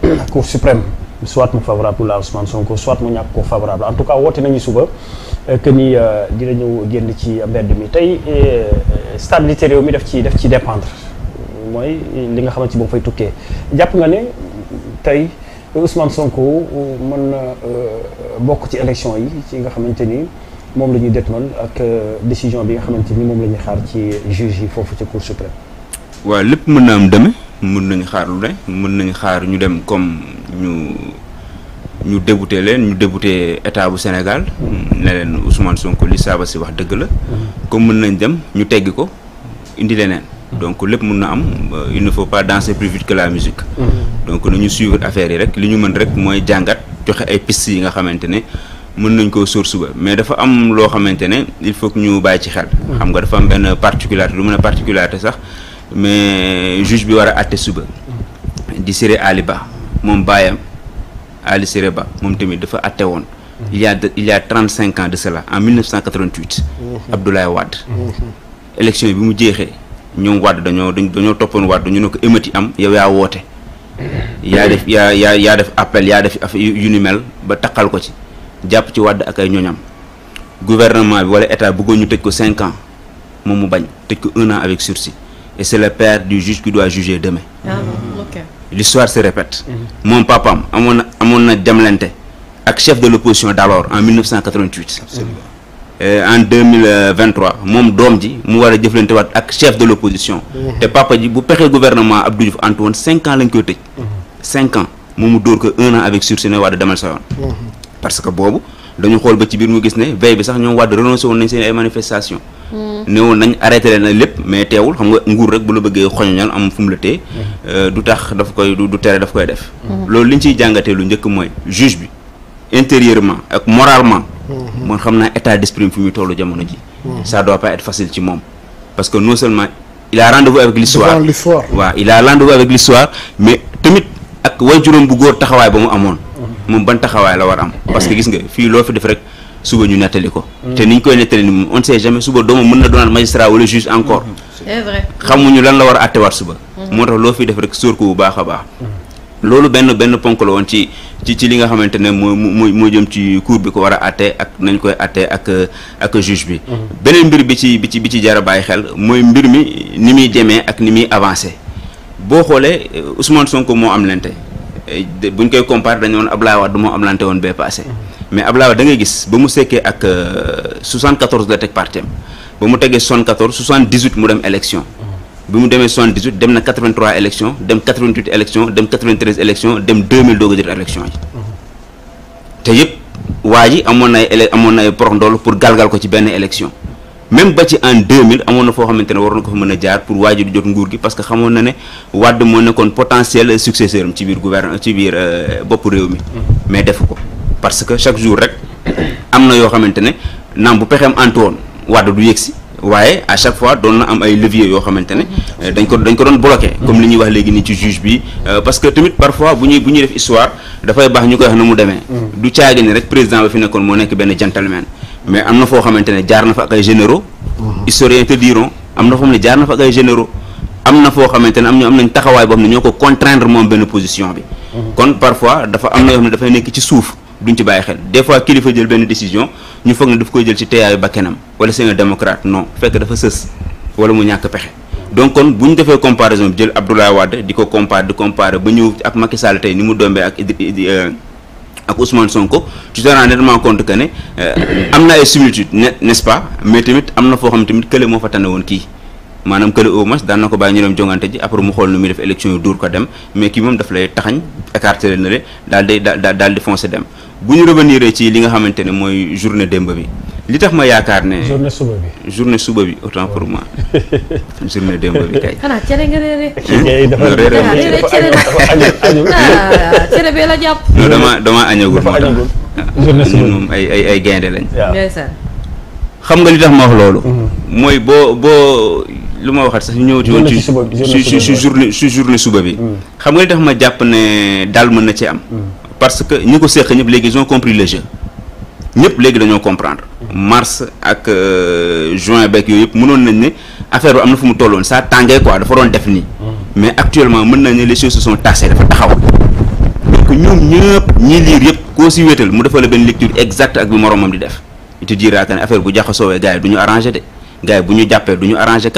cour suprême soit mu favorable à Ousmane Sonko soit mu ñàkk ko favorable en tout cas woote nañu suba euh, que ni euh, ñëw génn ci mbedd mi tey euh, stabilité réew mi daf ci daf ci dépendre mooy li nga xamante ci boobu fay tukkee jàpp nga ne tey Ousmane Sonko mën na bokk ci élection yi ci nga xamante ni moom la ñuy détmal ak décision bi nga xamante ni moom la ñuy xaar ci juge yi foofu ci cour suprême waaw lépp mën na am demee mun nañu xaar lu ne mën nañu xaar ñu dem comme ñu ñu débouté leen ñu débouté état bu Sénégal ne leen Ousmane Sonko li saaba si wax dëgg la mm-hmm. comme mun nañ dem ñu teggi ko indi leen leneen mm-hmm. donc lépp mun na am euh, il ne faut pas danser plus vite que la musique mm-hmm. donc nañu suivre affaire yi rek li ñu mën rek mooy jàngat joxe ay piste yi nga xamante ne mën nañ koo sóor suba mais dafa am loo xamante ne il faut que ñu bàyyi ci xel xam nga dafa am benn particularité lu mën a particularité sax mais juge bi war a àtte suba di Siré Ali Ba moom baayam Ali Siré Ba moom tamit dafa àtte woon mhm. il y a il y a trente cinq ans de cela en 1988 mhm. Abdoulaye Wade mhm. élection bi mu jeexee ñoom wàdd dañoo dañoo toppoon Wade dañu ne ko émati am yow yaa woote yaa def yaa yaa yaa def appel yaa def yu ni mel ba taqal ko ci jàpp ci wàdd ak ay ñoñam gouvernement bi wala état bëggoon ñu tëj ko cinq ans moom mu bañ tëj ko un an avec sursis et c'est le père du juge qui doit juger demain. Ah bon, ok. L'histoire se répète. Mm-hmm. moom papam amoon na amoon na demlante ak chef de l'opposition d'alors en 1988. Absolument. Euh, en 2023 moom doom ji mu war a jëflante waat ak chef de l'opposition mm-hmm. te papa ji bu pexee gouvernement Abdou Diouf cinq ans lañ koy tëj mm-hmm. cinq ans moom mu dóor ko un an avec sursis ne Wade demal sa yoon parce que boobu dañu xool ba ci biir mu gis ne veille bi sax ñoom Wade renoncé woon nañ seen ay manifestations néewoon nañ arrêté na lépp mais teewul xam nga nguur rek bu la bëggee xoñoñal am fu la tee euh, du tax daf koy du tere daf koy def mm-hmm. loolu li ñu ciy jàngatee lu njëkk mooy juge bi intérieurement ak moralement man mm-hmm. xam naa état d'esprit fi muy tollu jamono ji mm-hmm. ça doit pas être facile ci moom parce que non seulement il a rendez-vous avec l'histoire waaw il a rendez-vous avec l'histoire mais tamit ak way juróom bu góor taxawaay ba mu amoon moom ban taxawaay la war am parce que gis nga fii loo fi def rek suba ñu nettali ko. Mm. te niñ koy nettali ni on ne sait jamais suba doomam mën na doonaat magistrat wala juge encore. xam mm-hmm. vrai ñu lan la war a àttewaat suba. Mm-hmm. moo tax loo fi def rek sóor ko bu baax a baax. Mm-hmm. loolu benn benn ponk la woon ci ci ci li nga xamante ne moo moo moo jëm ci cour bi ko war a àtte ak nañ koy àtte ak ak juge bi. beneen mbir bi ci bi ci bi ci jar a bàyyi xel mooy mbir mi ni muy demee ak ni muy avancé boo xoolee Ousmane Sonko moo am lente eh, buñ koy compare dañu woon Ablaye Wade moo am lente woon bee passé. mais Abdoulaye Wade da ngay gis ba mu sekkee ak 74 euh, la teg parti am ba mu tegee 74 78 mu dem élection bi mu demee 78 dem na 83 élection dem 88 élection dem 93 élection dem 2000 doog a jël élection yi te yëpp waa ji amoon na ay amoon na ay porox ndool pour galgal ko ci benn élection même ba ci en 2000 amoon na foo xamante ne war na ko fa mën a jaar pour waa ji du jot nguur gi parce que biir gouvernement euh, bopp réew mm-hmm. mais defu ko parce que chaque jour rek am na yoo xamante ne naam bu pexeem antu woon wàdd du yegsi waaye à chaque fois doon na am ay levier yoo xamante ne mhm. eh, dañ ko dañ ko doon bloqué comme li mhm. ñuy wax léegi nii ci juge bi euh, parce que tamit parfois bu ñuy bu ñuy def histoire dafay baax ñu koy wax na mu demee mhm. du caagi ne rek président ba fi nekkoon moo nekk benn gentleman mais am na foo xamante ne jaar na fa ak ay généraux historiens te diront am na foo xam ne jaar na fa ak am na foo xamante ne am am nañ taxawaay boo xam ne ko contraindre moom benn position bi kon parfois am na nekk ci suuf du duñ ci bàyyi xel des fois kilifa jël benn décision ñu foog ne daf koy jël ci teeyaayu bakkenam wala c'est un démocrate non fekk dafa sës wala mu ñàkk pexe donc kon bu ñu defee comparaison bi jël Abdoulaye Wade di ko compare di comparer ba ñëw ak Macky Sall tey ni mu dombee ak Idri euh, ak Ousmane Sonko tu te rends nettement compte que ne euh, am na ay similitudes n'est-ce pas mais tamit am na foo xam tamit kële moo fa tane woon kii. maanaam kële au moins daan na ko bàyyi ñu dem jongante ji après mu xool nu muy def élection yu duur ko dem mais kii moom daf lay taxañ écarté na le daal di daal dem bu ñu revenir ci li nga xamante ne mooy journée démb bi li tax ma yaakaar ne. journée suba bi journée suba bi autant pour moi journée démb bi kay. xanaa cere nga réeré. Hmm? cere dafa ah, cere bee la damaa damaa añagul ah, moo tax ay ay ay gaynde lañ. xam nga li tax ma wax loolu. Mm-hmm. mooy boo boo. lu ma waxat sax ñu ñëwati woon ci ci ci journée ci journée suba bi hmm. xam nga li tax ma jàpp ne daal mën na ci am hmm. parce que ñu ko seq ñëpp léegi ils ont compris le jeu ñëpp léegi dañoo comprendre hmm. mars ak euh, juin beeg yooyu yëpp mënoon nañ ne affaire bi am na fu mu tolloon ça tàngee quoi dafa doon def nii mais actuellement mën nañ ne les choses se sont tassées dafa taxaw donc ñoom ñëpp ñi liir yëpp koo si wéetal mu defal la benn lecture exacte ak bi moroomam di def tu diras que ne affaire bu jaxasoowee gars du ñu arrangé de bu ñu jàppee du ñu arrangé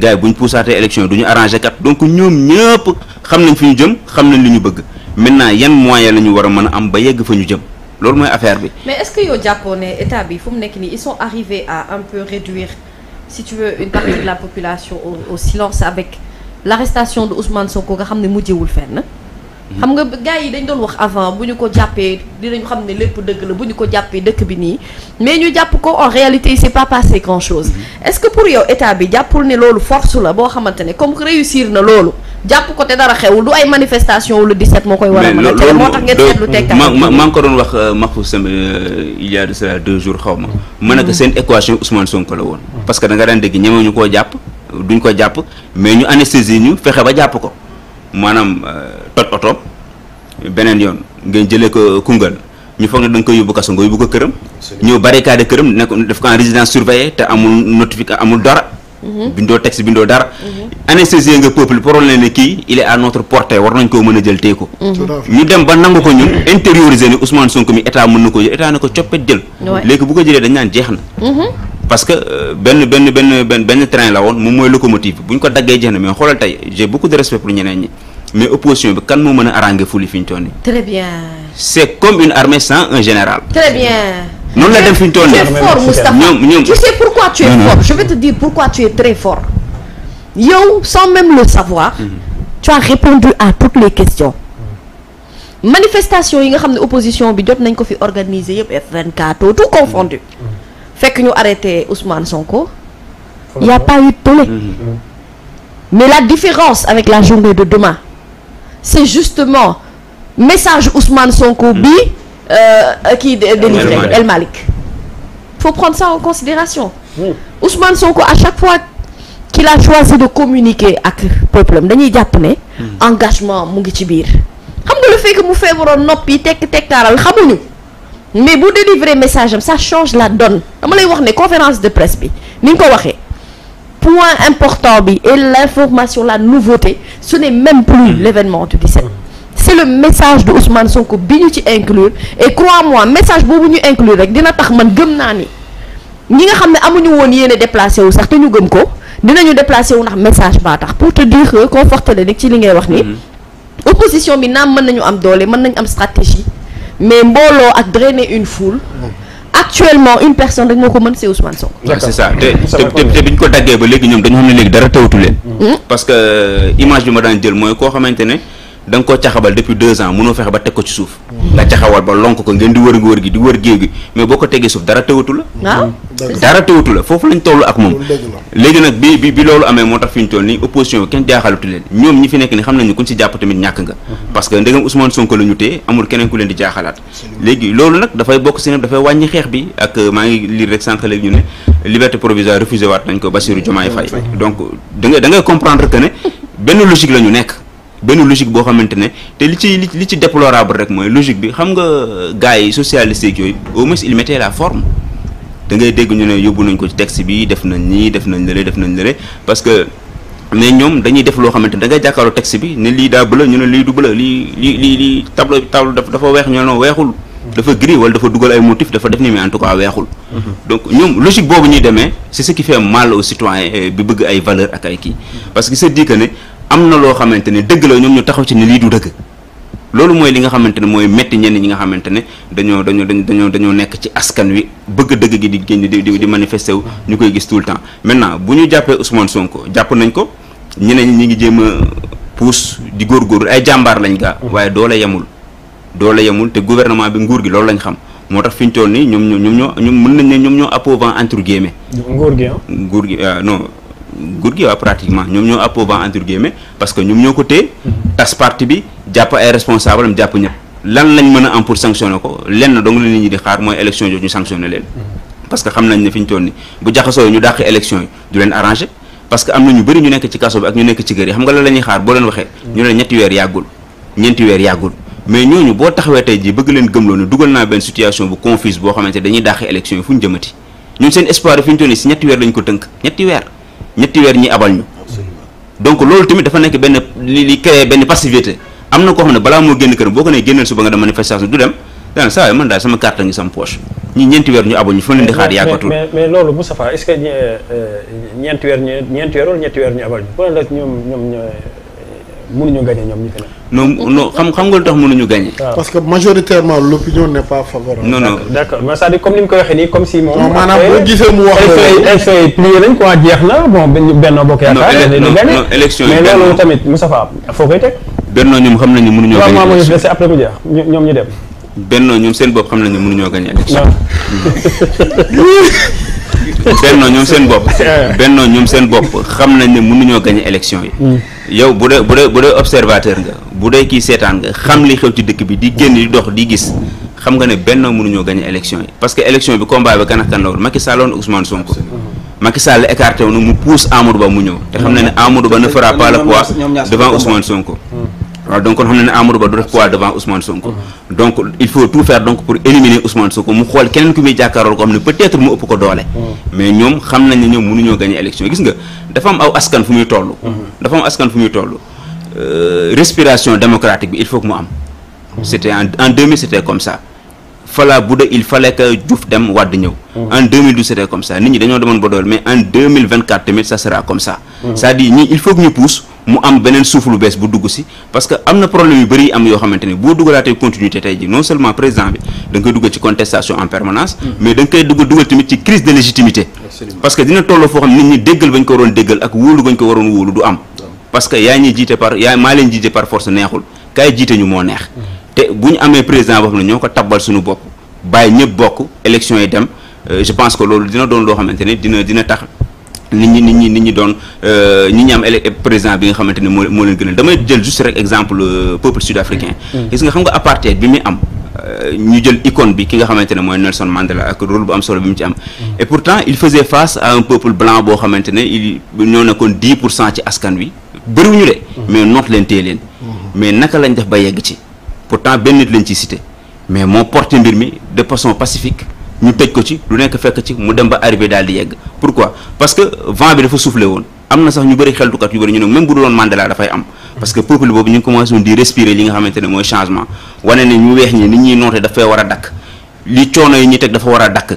gaa yi bu ñu puusaatee élection yi du ñu arrangé kat donc ñoom ñëpp xam nañ fi ñu jëm xam nañ li ñu bëgg maintenant yan moyen la ñu war a mën a am ba yegg fa ñu jëm loolu mooy affaire bi. mais est-ce que yow jàppoon ne état bi fu mu nekk nii ils sont arrivés à un peu réduire si tu veux une partie de la population au, au silence avec l'arrestation de Ousmane Sonko nga xam ne mujjewul fenn. xam nga gars yi dañ doon wax avant bu ñu ko jàppee dinañ xam ne lépp dëgg la bu ñu ko jàppee dëkk bi nii mais ñu jàpp ko en réalité il s'est pas passé grand chose mm-hmm. est-ce que pour yow état bi jàppul ne loolu force la boo xamante ne comme réussir na loolu jàpp ko te dara xewul du ay manifestation wala 17 moo koy war a mën a tere moo tax ngeen seetlu tekka ma maa ko euh, euh, a de cela deux xaw ma mm-hmm. ma ne ko seen équation Ousmane sonk la woon mm-hmm. parce que da nga daan dégg ñemewuñu koo jàpp duñ ko jàpp mais ñu anesthésie ñu fexe ba jàpp ko maanaam euh, pat oto beneen yoon ngeen jëlee ko Koungheul ñu foog ne da nga koy yóbbu kaso nga yóbbu ko këram. ñëw barricade këram nekk ko amul dara. Mhm. bindoo texte bindoo dara. Mhm. anesthésier nga peuple pour kii il est à notre war nañ koo mën a jël tey ko. Mhm. ñu dem ba nangu ko ñun intérioriser ni Ousmane Sonko mi état mën na ko jël état na ko coppet jël. léegi bu ko jëlee dañ naan jeex na. parce euh, benn benn benn benn train la woon moom mooy locomotive bu ñu ko daggee jeex na mais xoolal mais opposition bi kan moo mën a arrangé fuli fi ñu toll nii. très bien. c'est comme une armée sans général. très bien. noonu la dem fi ñu toll nii. tu es fort Moustapha ñoom ñoom. tu sais pourquoi tu es fort je vais te dire pourquoi tu es très fort. yow sans même le savoir. Mm-hmm. tu as répondu à toutes les questions. manifestation yi nga xam ne opposition bi jot nañ ko fi organiser yëpp F24 tout confondu. Mm-hmm. fekk ñu arrêté Ousmane Sonko. y a pas eu de mm-hmm. mais la différence de demain. c'est justement message Ousmane Sonko hmm. bi euh, qui délivré El Malik faut prendre ça en considération hmm. Ousmane Sonko à chaque fois qu'il a choisi de communiquer ak peuple dañuy jàpp ne hmm. engagement mu ngi ci biir xam nga le fait que mu feebaroon noppi tekk tektaaral xamuñu mais bu délivrer message am ça change la donne dama lay wax ne conférence de presse bi ni nga ko waxee point important bi et l'information la nouveauté ce n'est même plus mm. l'événement du 17 c'est le message de Ousmane Sonko bi ñu ci inclure et crois-moi message boobu ñu inclure rek dina tax man gëm naa ni ñi nga xam ne amuñu woon yéene déplacé wu sax te ñu gëm ko dinañu déplacé wu ndax message baa tax pour te dire que conforte la ci li ngay wax ni mm-hmm. opposition bi naam mën nañu am doole mën nañu am stratégie mais mbooloo ak drainer une foule mm. actuellement une personne rek moo ko mën c'est Ousmane Sonko. c'est ça te te bi ñu ko daggee ba léegi ñoom dañu xam ne léegi dara tawatu leen. Hmm? parce euh, image bi ma daan jël mooy koo xamante ne. da nga ko caxabal depuis deux ans mënoo fexe ba teg ko ci suuf nga caxawal ba lonk ko ngeen di wër wër gi di wër géew gi mais boo ko tegee suuf dara tëwatu la ah, hmm. dara tëwatu la foofu lañ toll ak moom léegi nag bi bi bi loolu amee moo tax fi ñu tool nii opposition bi kenn jaaxalutu leen ñoom ñi fi nekk ni xam nañu kuñ si jàpp tamit ñàkk nga hmm. parce que ndegam Ousmane Sonko la ñu amul keneen ku leen di jaaxalaat léegi loolu nag dafay bokk si ne dafay wàññi xeex euh, maa ngi lire rek sànq léegi ñu ne liberté provisoire refusé waat nañ ko Bassirou Diomaye hmm. da comprendre que ne benn logique la nekk benn logique boo xamante ne te li ci li ci déplorable rek mooy logique bi xam nga gars yi socialiste yeeg yooyu au moins il mettait la forme da ngay dégg ñu ne yóbbu nañ ko ci texte bi def nañ nii def nañ lële def nañ lële parce que mais ñoom dañuy def loo xamante ne da ngay jàkkaarloo texte bi ne lii daa bleu ñu ne lii du bleu lii lii lii lii tableau tableau dafa weex ñu ne weexul dafa gris wala dafa dugal ay motif dafa def ni mais en tout cas weexul donc ñoom logique boobu ñuy demee c'est ce qui fait mal aux citoyens ay valeur kii parce que se am na loo xamante ne dëgg la ñoom ñu taxaw ci ni lii du dëgg loolu mooy li nga xamante ne mooy metti ñenn ñi nga xamante ne dañoo dañoo dañoo dañoo nekk ci askan wi bëgg dëgg gi di génn di di manifester wu ñu koy gis tout le temps maintenant bu ñu jàppee Ousmane Sonko jàpp nañ ko ñeneen ñi ngi jéem a di góor góor ay jàmbaar lañ gaa. waaye doole yemul doole yemul te gouvernement bi nguur gi loolu lañ xam moo tax fi ñu toll nii ñoom ñoo ñoom ñoo ñoom mën nañ ne ñoom ñoo appauvant entre guillemets. nguur gi ah. nguur gi ah, non. nguur gi waaw pratiquement ñoom ñoo àpp au vent entre guillemets parce que ñoom ñoo ko téye tas parti bi jàpp ay responsable am jàpp ñëpp a am pour sanctionner ko lenn dong la nit di xaar mooy élection yooyu ñu sanctionner leen xam ne fi ñu toll ni bu du leen arrangé parce que am na ñu bëri ñu nekk ci kaso bi ak ñu nekk ci kër yi xam nga la ñuy xaar boo leen waxee ñu ne ñetti weer yàggul ñeenti weer yàggul mais ñooñu boo taxawee tey jii bëgg leen gëmloo ne dugal naa benn situation bu confuse boo xamante dañuy dàq élection yi ñetti weer ñi abal ñu donc loolu tamit dafa nekk benn li li créé benn passivité am na koo xam ne balaa moo génn kër boo ko nee génneel suba nga dem manifestation du dem daan saa man daal sama carte ngi sama poche ñi ñeenti weer ñu abal ñu fa leen di xaar yàggatul mais mais loolu Moustapha est-ce que euh, ñeenti weer ñu ñeenti weer wala ñetti weer ñu abal ñu wala ñoom ñoom mënuñu gagné ñoom ñu fi nekk non non xam xam nga lu tax mënuñu gagner. Ah. parce que majoritairement l'opinion n'est pas favorable. non non d'accord mais c'est-à-dire comme ni mu ko waxee nii comme si moom. non maanaam boo gisee mu wax loolu élection yi plié nañ quoi jeex na bon Benno Bokk Yaakaar. non non élection yi mais loolu tamit Moustapha foo koy teg. Benno ñoom xam nañu mënuñoo. gagner élection ñu dese après mu jeex ñoom ñu dem. Benno ñoom seen bopp xam nañu mënuñoo gagner élection. Benno ñoom seen bopp. Benno ñoom seen bopp xam nañ ne mënuñoo gagner élection yi. Hmm. yow bu dee bu dee bu dee observateur nga bu dee kii seetaan nga xam li xew ci dëkk bi di génn di dox di gis xam nga ne Benno mënuñoo gagné élection yi parce que élection bi combat bi kan ak kan la woon Macky Sall woon Ousmane Sonko. Macky Sall écarté mu pousse Amadou Ba mu ñëw. te xam na ne Amadou Ba ne fera pas devant Ousmane Sonko. waaw donc kon xam na ne Amadou Ba du rek quoi devant Ousmane Sonko. donc il faut tout faire donc pour éliminer Ousmane Sonko mu xool keneen ku muy jàkkaarool ko xam ne peut-être mu ëpp ko doole. mais ñoom xam nañ ne ñoom mënuñoo gagner élection gis nga dafa am aw askan fu muy toll. dafa am askan fu muy toll euh, respiration démocratique bi il faut que mu am. c'était en en 2000 c'était comme ça. fala bu de il fallait que Diouf dem Wade ñëw. Mmh. en 2012 c'était comme ça nit ñi dañoo demoon ba mais en 2024 tamit ça sera comme ça. Mmh. cest ñi il faut que ñu pousse mu am beneen suuf lu bees bu dugg si parce que am na problème yu bëri yu am yoo xamante ni boo dugalaatee continuité tey ji non seulement président bi da nga koy duggal ci contestation en permanence. Mmh. mais da nga koy duggal duggal tamit ci crise de légitimité. parce que dina tolloo foo xam nit ñi déggal bañ ko waroon déggal ak jiite par yaa maa leen jiite par te bu ñu amee président wax na ñoo ko tabal suñu bopp bàyyi ñëpp bokk élection yi dem euh, je pense que loolu dina doon loo xamante ne dina dina tax nit ñi nit ñi nit ñi doon euh, ñi ñi am président bi nga xamante ne moo moo leen gënal damay jël juste rek exemple euh, peuple mm. Mm. gis nga xam nga apartheid bi muy am ñu jël icône bi ki nga xamante ne mooy Nelson Mandela ak rôle bu am solo bi mu ci am mm. et pourtant il faisait face à un peuple blanc boo xamante ne il ñoo nekkoon dix pour cent ci askan wi bëriwuñu de mais noot leen téye leen mais naka lañ def ba yegg ci pourtant benn nit lañ ci cité mais moo porte mbir mi de façon pacifique ñu tëj ko ci lu nekk fekk ci mu dem ba arrivé daal di yegg pour parce que vent bi dafa soufflé woon am na sax ñu bëri xeltukat yu bëri ñu ne même bu dul woon Mandela dafay am parce que peuple boobu ñu ngi commencé woon di respirer li nga xamante ne mooy changement wane ne ñu weex ñi nit ñuy noote dafay war a dakk li coono yi ñu teg dafa war a dakk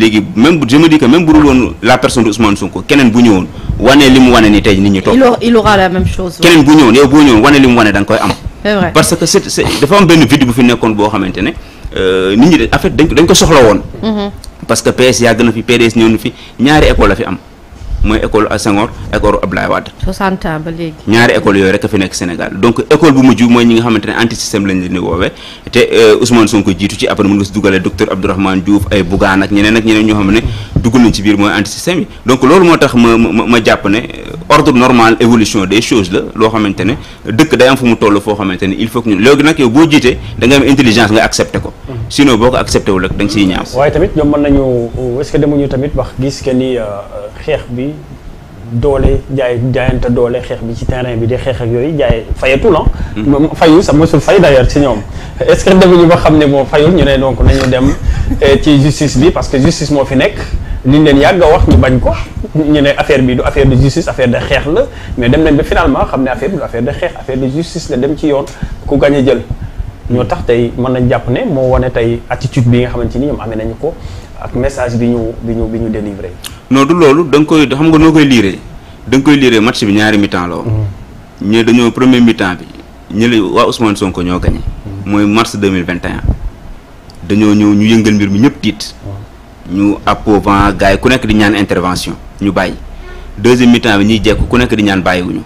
léegi même je me dis bu dul woon la personne de Ousmane Sonko keneen bu ñëwoon wane li wane ni tey nit ñi toog. keneen bu ñëwoon yow boo ñëwoon wane li wane da koy am. parce que c'est c'est dafa am benn vide bu fi nekkoon boo xamante ne euh, nit ñi en fait dañ ko soxla woon. Mm-hmm. parce que PS yàgg na fi PDS ñëw fi ñaari école la fi am. mooy école Senghor école Abdoulaye Wade. ñaari école yooyu rek a fi nekk Sénégal donc école bu mujj mooy ñi nga xamante ne anti système lañ leen di woowee te euh, Ousmane Sonko jiitu ci après mën nga si dugalee docteur Abdourahmane Diouf ay Bougane ak ñeneen ak ñeneen ñoo xam ne dugg nañ ci biir mooy anti système yi donc loolu moo tax ma ma ma jàpp ne euh, ordre normal évolution des choses la loo xamante ne dëkk day am fu mu toll foo xamante ne il faut que ñun léegi nag yow boo jiitee da nga am intelligence nga accepté ko. sinon boo ko accepté wul rek da nga siy ñaaw. waaye tamit ñoom mën nañu est-ce que demuñu tamit wax gis que ni euh, xeex bi doole jaay jaayante doole xeex bi ci terrain bi di xeex ak yooyu jaaye fayatul ah. Hmm. moom fayu sax mosul fay d'ailleurs ci ñoom est-ce que demuñu ba xam ne moo fayul ñu ne donc nañu dem euh, ci justice bi parce que justice moo fi nekk. liñ leen yàgg wax ñu bañ ko ñu ne affaire bi du affaire de justice affaire de xeex la mais dem nañ ba finalement xam ne affaire bi du affaire de xeex dem ci yoon ku gañ a jël. ñoo tax tey mën nañ jàpp ne moo wane tey attitude bi nga xamante ni ñoom amee nañu ko ak message bi ñu bi ñu bi ñu délivré. non du loolu danga koy xam nga noo koy liiree da koy liiree match bi ñaari mi-temps la woon. Mm-hmm. ñu dañoo premier mi bi ñu ne waa Ousmane Sonko ñoo gagné. Mm-hmm. mooy mars 2021 dañoo ñëw ñu yëngal mbir mi ñëpp tiit. Mm-hmm. ñu appauvant gars yi ku nekk di ñaan intervention ñu bàyyi deuxième mi-temps bi ñuy jekku ku nekk di ñaan bàyyiwuñu.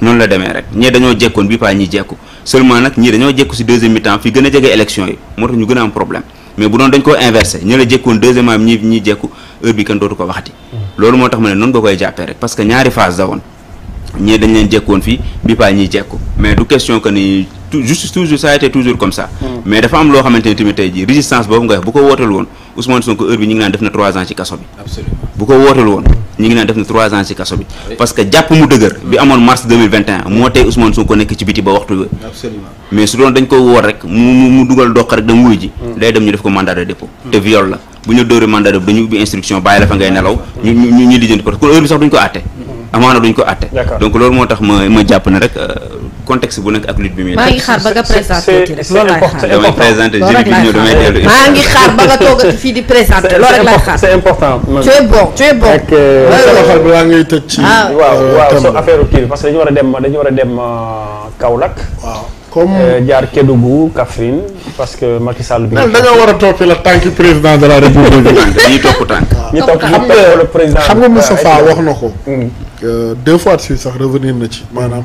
noonu la demee rek ñee dañoo jekkoon bi paa ñuy jekku seulement nag ñii dañoo jékku si deuxième mi fi gën a jege élection yi moo tax ñu gën a am problème mais bu doon dañ koo inversé ñi la jékkoon deuxième am ñi ñi jékku heure bi kenn dootu ko waxati. Mm. loolu moo tax ma ne noonu nga koy jàppee rek parce que ñaari phase da woon ñii dañ leen jékkoon fii bi paa ñiy jékku mais du question que ni tout juste toujours ça a été toujours comme ça. Mm. mais dafa am loo xamante ni tamit jii résistance boobu Ousmane Sonko heure bi ñu ngi naan def na trois ans ci kaso bi. bu ko wootal woon ñu ngi naan def na trois ans ci kaso bi. parce que jàpp mu dëgër. bi amoon mars moo tey Ousmane Sonko nekk ci biti ba waxtu mais su doon dañ ko woor rek mu mu dugal doq rek dam wuy ji. Hmm. day dem ñu def ko mandat de hmm. te viol la bu ñu dóoree mandat de dañu ubbi instruction bàyyi la fa ngay nelaw. Hmm. ñu ñu ñu lijjanti ko kon heure bi sax duñ ko àtte. amaana duñ ko àtte. donc contexte bu nekk ak lutte bi muy. maa ngi xaar ba nga présenté ci rek loolu laay maa ngi xaar ba nga toog fii di présenté loolu rek xaar c'est important. tu es bon tu es bon. ak euh, sama xel ngay tëj ci. Ah. Euh, waaw soo affaire kii parce que dañu war a dem dañu war a dem euh, Kaolack. waaw. comme jaar bu Kaffrine parce que ma Macky Sall bi. da nga war a topp la tànki président de la république. dañuy topp tànk. ñu topp xam nga xam nga wax na ko. Mm. deux fois de suite sax revenir na ci maanaam.